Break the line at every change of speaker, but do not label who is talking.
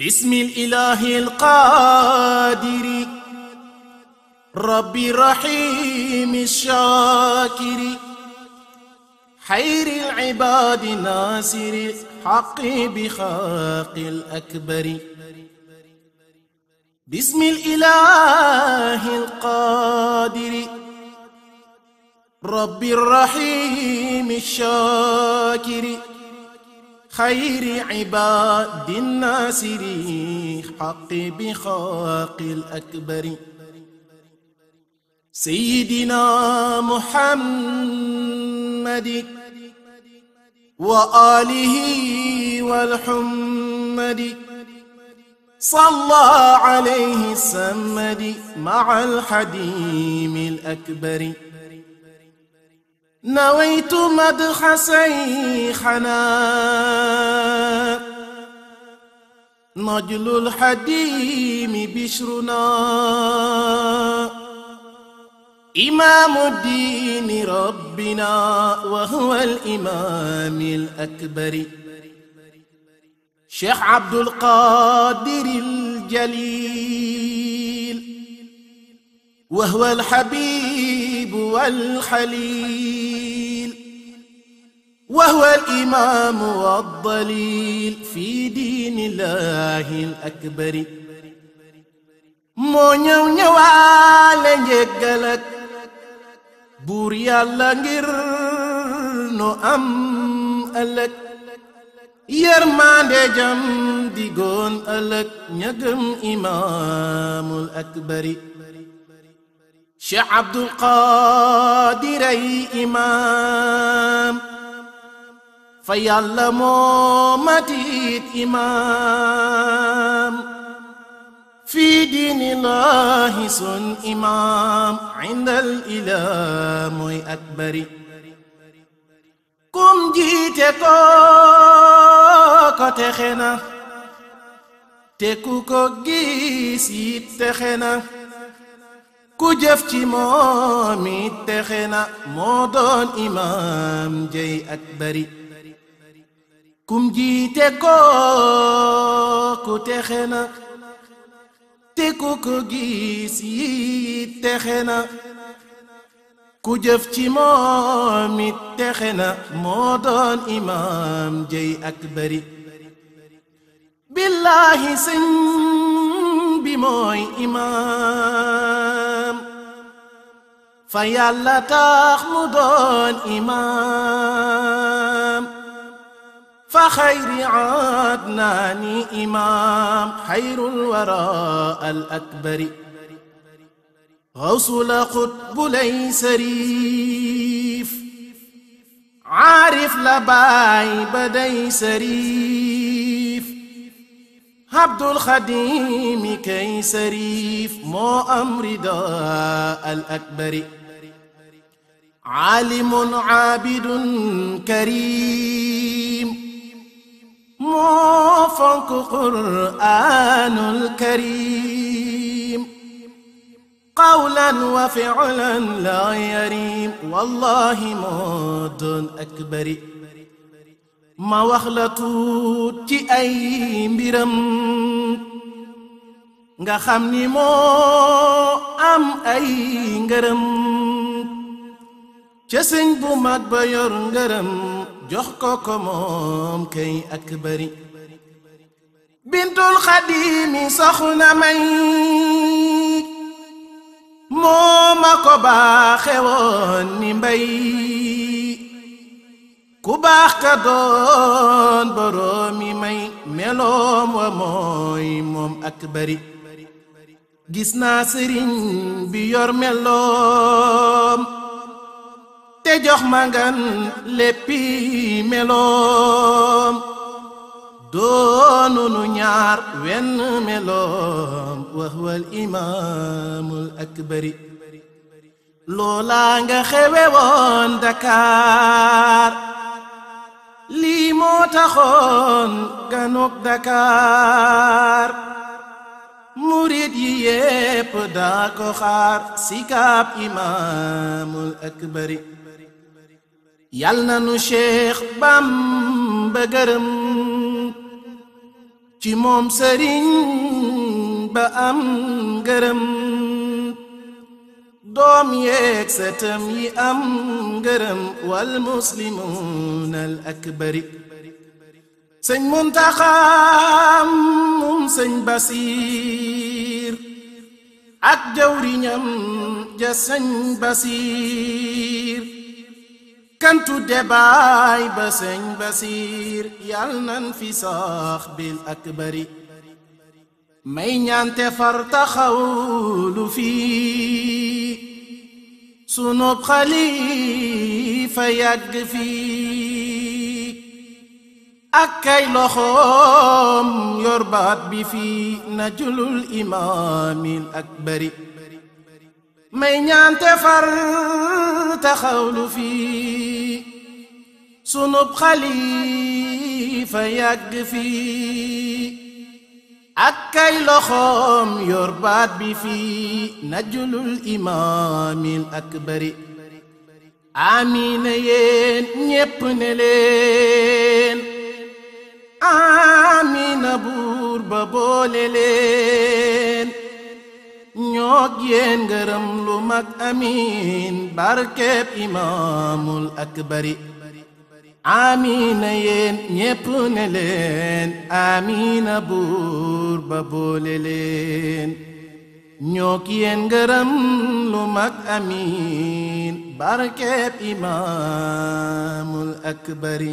بسم الإله القادر رب رحيم الشاكر خير العباد ناصر الحق بخاق الأكبر بسم الإله القادر رب الرحيم الشاكر خير عباد الناصر حق بخاق الأكبر سيدنا محمد وآله والحمد صلى عليه السمد مع الحديم الأكبر نويت مدح سيحنا نجل الحديم بشرنا إمام الدين ربنا وهو الإمام الأكبر شيخ عبد القادر الجليل وهو الحبيب والحليل وهو الإمام والضليل في دين الله الأكبر moo ñëw ñëwaale njëggal ak buur yàlla ngir nu am ëllëg yërmande jam digoon ëllëg ñagëm imaamul akbari Cheikh Abdul Qadir ay imaam fa yàlla moo matit imaam fi diinillaahi sun imaam indal ilah mooy akbari kum jiite kooko texe na te ku ko gis it texe ku jëf ci moom it texe na moo imaam jëy akbari kum jiite kooku texe na te ku ko gis yi texe na ku jëf ci moom it texe na moo doon imaam jëy ak bari billaahi sëñ bi mooy imaam fa yàlla tax mu doon imaam fa xayri adnaani imaam xayrul waraa al akbari غوص لقطب ليسريف عارف لباي بدي سريف عبد الخديم كي سريف مو أمر داء الأكبر عالم عابد كريم moo fonk quraanul kariim qawlan wa fi'lan la yariim wallahi moo doon ak bari ma wax la tuut ci ay mbiram nga xam ni moo am ay ngërëm ca sëñ bu mag ba yor ngërëm jox ko ko moom kay ak bari bintul xadiimi soxna may moo ma ko baaxe woon ni mbay ku baax ka doon boroomi may meloom wa mooy moom ak bari gis naa bi yor meloom te jox ma ngan léppi meloom doonu nu ñaar wenn meloom wax wal imaamul akbari loolaa nga xewe woon Dakar lii moo taxoon ganuk Dakar murid yi yépp daa ko xaar si kaab imaamul akbari yal na nu Cheikh Bamba gërëm ci moom sëriñ ba am gërëm doom yeeg sëtam yi am gërëm wal muslimun al akbari sëñ Muntaxa mum sëñ Basiir ak jawriñam ja sëñ Basiir kantu debaay ba sëñ basiir yal nan fi sax bil akbari may ñaante far taxawlu fii sunub xalifa yàgg fii ak kay loxoom yor baat bi fii najulul imaamil akbari may ñaante far taxawlu fii sunub xalifa yàgg fii ak kay loxoom yor baat bi fii najulul imaamil akbari amiina yéen ñépp ne leen amiina buur ba boole leen ñoog yéen ngërëm lu mag amiin barkeeb imaamul akbari amina yéen ñépp ne leen amina buur ba ñoo ki yéen ngërëm lu mag amin barkeeb imaamul akbari